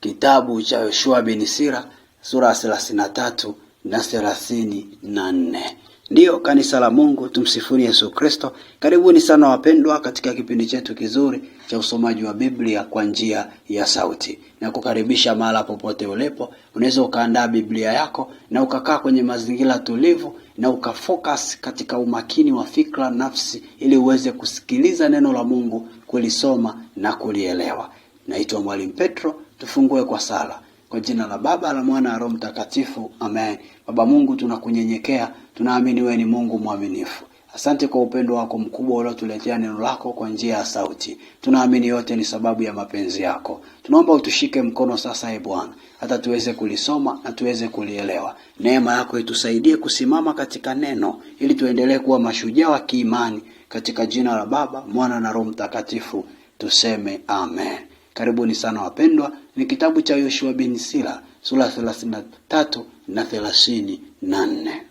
Kitabu cha Yoshua bin Sira sura ya thelathini na tatu na thelathini na nne. Ndiyo kanisa la Mungu, tumsifuni Yesu Kristo. Karibuni sana wapendwa, katika kipindi chetu kizuri cha usomaji wa Biblia kwa njia ya sauti, na kukaribisha mahala popote ulipo. Unaweza ukaandaa Biblia yako na ukakaa kwenye mazingira tulivu na ukafocus katika umakini wa fikra nafsi, ili uweze kusikiliza neno la Mungu, kulisoma na kulielewa. Naitwa Mwalimu Petro Tufungue kwa sala. Kwa jina la Baba la Mwana na Roho Mtakatifu, amen. Baba Mungu, tunakunyenyekea, tunaamini wewe ni Mungu mwaminifu. Asante kwa upendo wako mkubwa uliotuletea neno lako kwa njia ya sauti. Tunaamini yote ni sababu ya mapenzi yako. Tunaomba utushike mkono sasa, e Bwana, hata tuweze kulisoma na tuweze kulielewa. Neema yako itusaidie kusimama katika neno, ili tuendelee kuwa mashujaa wa kiimani. Katika jina la Baba, Mwana na Roho Mtakatifu tuseme amen. Karibuni sana wapendwa, ni kitabu cha Yoshua bin Sira sura ya thelathini na tatu na thelathini na nne.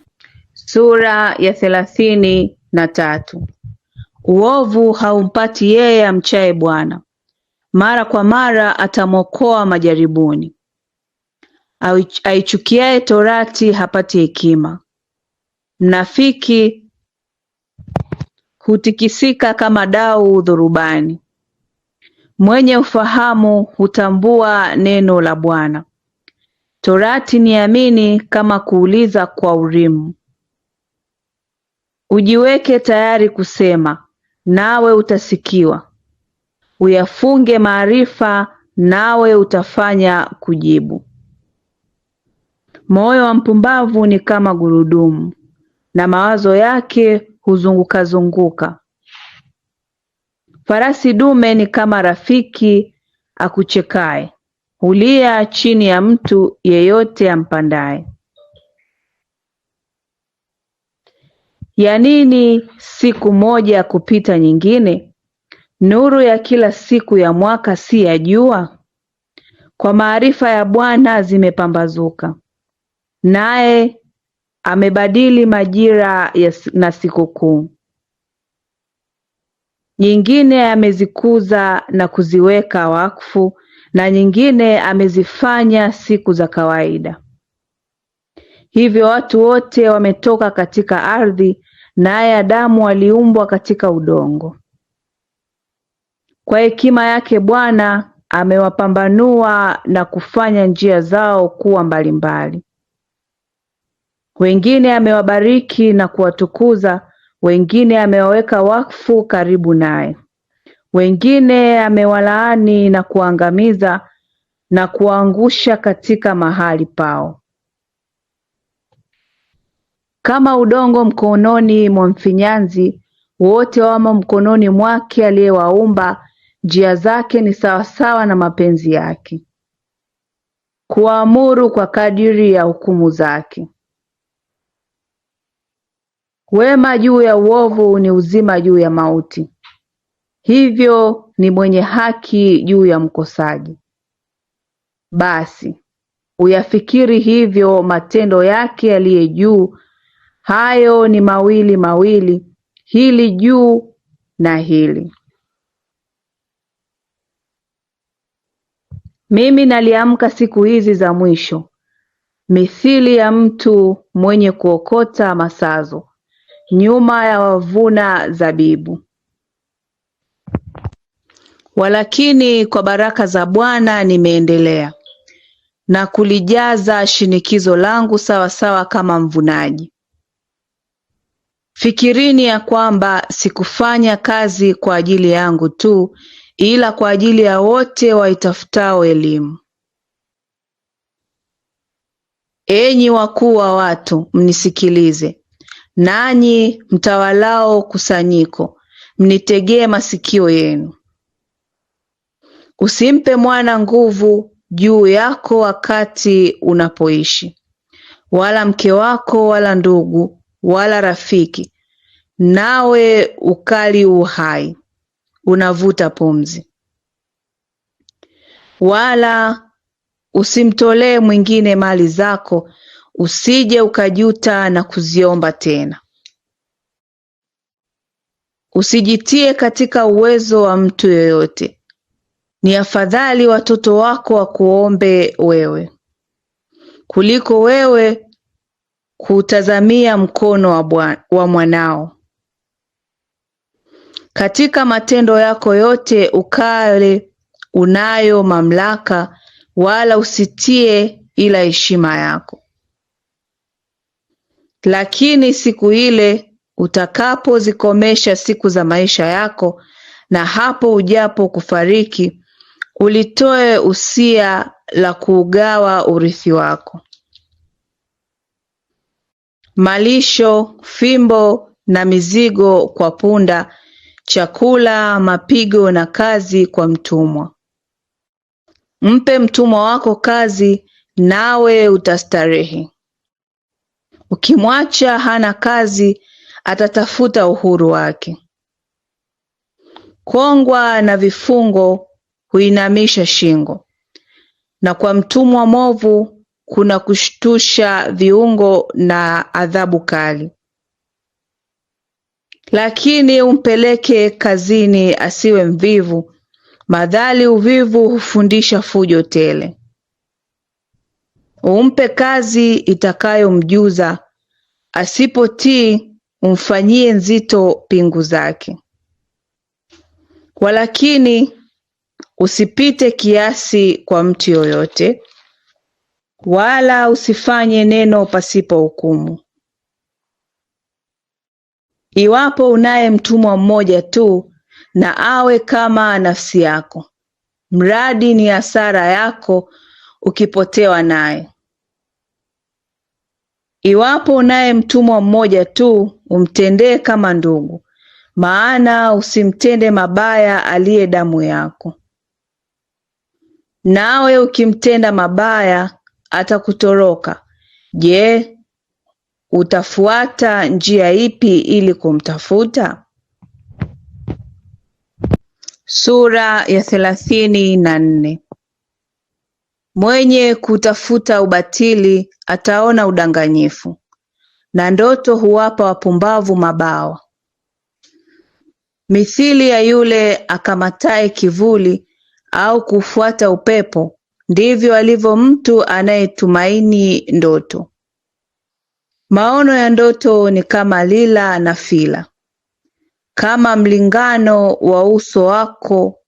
Sura ya thelathini na tatu. Uovu haumpati yeye amchaye Bwana, mara kwa mara atamwokoa majaribuni. Aichukiaye torati hapati hekima, mnafiki hutikisika kama dau dhurubani. Mwenye ufahamu hutambua neno la Bwana. Torati niamini kama kuuliza kwa Urimu. Ujiweke tayari kusema, nawe utasikiwa; uyafunge maarifa, nawe utafanya kujibu. Moyo wa mpumbavu ni kama gurudumu, na mawazo yake huzungukazunguka. Farasi dume ni kama rafiki akuchekaye, hulia chini ya mtu yeyote ampandaye. Ya nini siku moja kupita nyingine? Nuru ya kila siku ya mwaka si ya jua? Kwa maarifa ya Bwana zimepambazuka, naye amebadili majira na sikukuu nyingine amezikuza na kuziweka wakfu na nyingine amezifanya siku za kawaida Hivyo watu wote wametoka katika ardhi, naye Adamu aliumbwa katika udongo. Kwa hekima yake Bwana amewapambanua na kufanya njia zao kuwa mbalimbali. Wengine amewabariki na kuwatukuza, wengine amewaweka wakfu karibu naye, wengine amewalaani na kuangamiza na kuangusha katika mahali pao, kama udongo mkononi mwa mfinyanzi; wote wamo mkononi mwake aliyewaumba. Njia zake ni sawasawa na mapenzi yake, kuamuru kwa kadiri ya hukumu zake. Wema juu ya uovu ni uzima juu ya mauti, hivyo ni mwenye haki juu ya mkosaji. Basi uyafikiri hivyo matendo yake yaliye juu, hayo ni mawili mawili, hili juu na hili. Mimi naliamka siku hizi za mwisho mithili ya mtu mwenye kuokota masazo Nyuma ya wavuna zabibu, walakini kwa baraka za Bwana nimeendelea na kulijaza shinikizo langu sawasawa kama mvunaji. Fikirini ya kwamba sikufanya kazi kwa ajili yangu tu, ila kwa ajili ya wote waitafutao elimu. Enyi wakuu wa watu, mnisikilize nanyi mtawalao kusanyiko, mnitegee masikio yenu. Usimpe mwana nguvu juu yako wakati unapoishi, wala mke wako, wala ndugu, wala rafiki, nawe ukali uhai, unavuta pumzi. Wala usimtolee mwingine mali zako Usije ukajuta na kuziomba tena usijitie katika uwezo wa mtu yoyote ni afadhali watoto wako wakuombe wewe kuliko wewe kuutazamia mkono wa mwanao katika matendo yako yote ukale unayo mamlaka wala usitie ila heshima yako lakini siku ile utakapozikomesha siku za maisha yako na hapo ujapo kufariki ulitoe usia la kuugawa urithi wako. Malisho, fimbo na mizigo kwa punda, chakula, mapigo na kazi kwa mtumwa. Mpe mtumwa wako kazi, nawe utastarehe. Ukimwacha hana kazi atatafuta uhuru wake. Kongwa na vifungo huinamisha shingo, na kwa mtumwa movu kuna kushtusha viungo na adhabu kali. Lakini umpeleke kazini asiwe mvivu, madhali uvivu hufundisha fujo tele. Umpe kazi itakayomjuza, asipotii umfanyie nzito pingu zake. Walakini usipite kiasi kwa mtu yoyote, wala usifanye neno pasipo hukumu. Iwapo unaye mtumwa mmoja tu, na awe kama nafsi yako, mradi ni hasara yako ukipotewa naye. Iwapo unaye mtumwa mmoja tu, umtendee kama ndugu, maana usimtende mabaya aliye damu yako. Nawe ukimtenda mabaya atakutoroka. Je, utafuata njia ipi ili kumtafuta? Sura ya thelathini na nne. Mwenye kutafuta ubatili ataona udanganyifu, na ndoto huwapa wapumbavu mabawa. Mithili ya yule akamatae kivuli au kufuata upepo, ndivyo alivyo mtu anayetumaini ndoto. Maono ya ndoto ni kama lila na fila, kama mlingano wa uso wako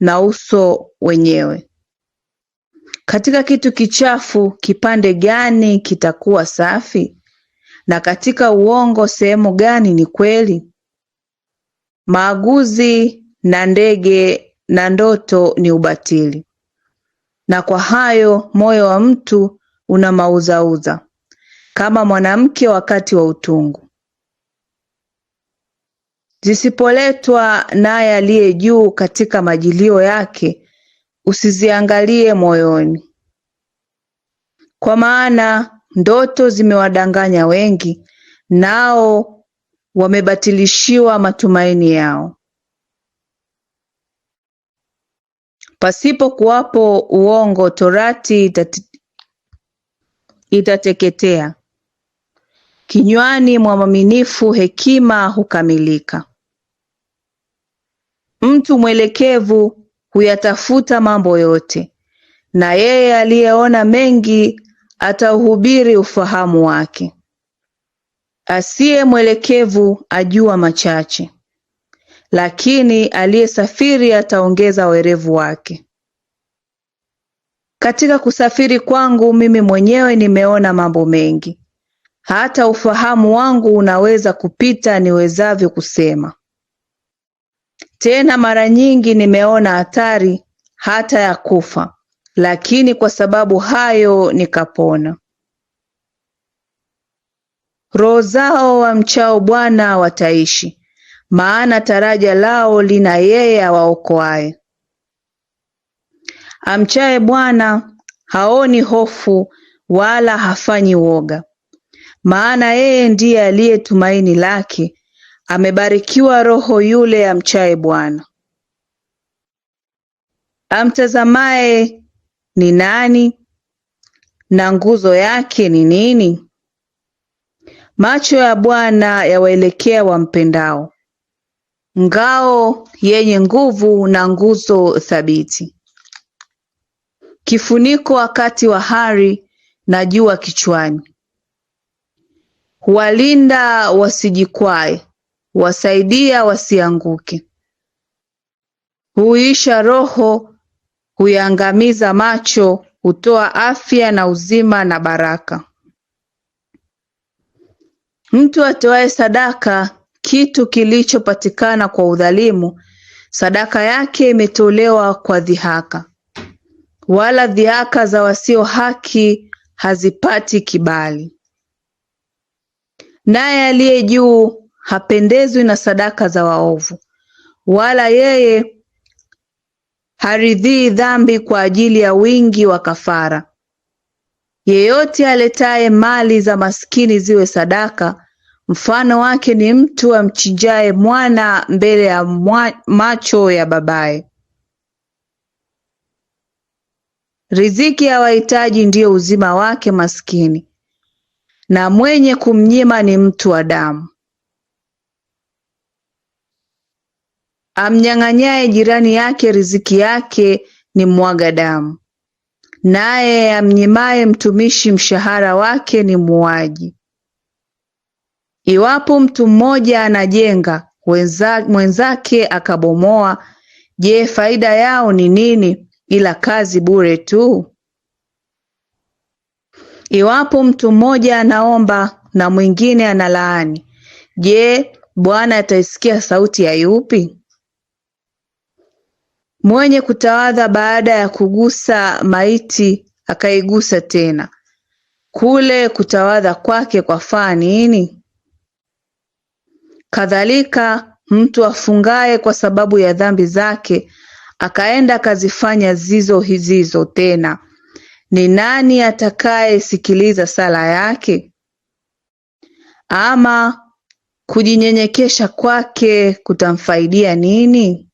na uso wenyewe. Katika kitu kichafu kipande gani kitakuwa safi? Na katika uongo sehemu gani ni kweli? Maaguzi na ndege na ndoto ni ubatili, na kwa hayo moyo wa mtu una mauzauza kama mwanamke wakati wa utungu. Zisipoletwa naye aliye juu katika majilio yake, usiziangalie moyoni, kwa maana ndoto zimewadanganya wengi, nao wamebatilishiwa matumaini yao, pasipo kuwapo uongo torati itateketea, kinywani mwa mwaminifu hekima hukamilika. Mtu mwelekevu huyatafuta mambo yote, na yeye aliyeona mengi atauhubiri ufahamu wake. Asiye mwelekevu ajua machache, lakini aliyesafiri ataongeza werevu wake. Katika kusafiri kwangu mimi mwenyewe nimeona mambo mengi, hata ufahamu wangu unaweza kupita niwezavyo kusema. Tena mara nyingi nimeona hatari hata ya kufa lakini kwa sababu hayo nikapona. Roho zao wamchao Bwana wataishi, maana taraja lao lina yeye awaokoaye. Amchaye Bwana haoni hofu wala hafanyi woga, maana yeye ndiye aliye tumaini lake, Amebarikiwa roho yule amchaye Bwana. Amtazamaye ni nani? Na nguzo yake ni nini? Macho ya Bwana yawaelekea wampendao, ngao yenye nguvu na nguzo thabiti, kifuniko wakati wa hari na jua kichwani, huwalinda wasijikwae wasaidia wasianguke, huisha roho, huyaangamiza macho, hutoa afya na uzima na baraka. Mtu atoaye sadaka kitu kilichopatikana kwa udhalimu, sadaka yake imetolewa kwa dhihaka, wala dhihaka za wasio haki hazipati kibali. Naye aliye juu hapendezwi na sadaka za waovu, wala yeye haridhii dhambi kwa ajili ya wingi wa kafara. Yeyote aletaye mali za maskini ziwe sadaka, mfano wake ni mtu amchinjaye mwana mbele ya macho ya babaye. Riziki ya wahitaji ndiyo uzima wake maskini, na mwenye kumnyima ni mtu wa damu. Amnyang'anyaye jirani yake riziki yake ni mwaga damu, naye amnyimae mtumishi mshahara wake ni muuaji. Iwapo mtu mmoja anajenga, mwenzake akabomoa, je, faida yao ni nini, ila kazi bure tu? Iwapo mtu mmoja anaomba na mwingine analaani, je, Bwana ataisikia sauti ya yupi? Mwenye kutawadha baada ya kugusa maiti akaigusa tena, kule kutawadha kwake kwafaa nini? Kadhalika mtu afungaye kwa sababu ya dhambi zake akaenda akazifanya zizo hizizo tena, ni nani atakayesikiliza sala yake? Ama kujinyenyekesha kwake kutamfaidia nini?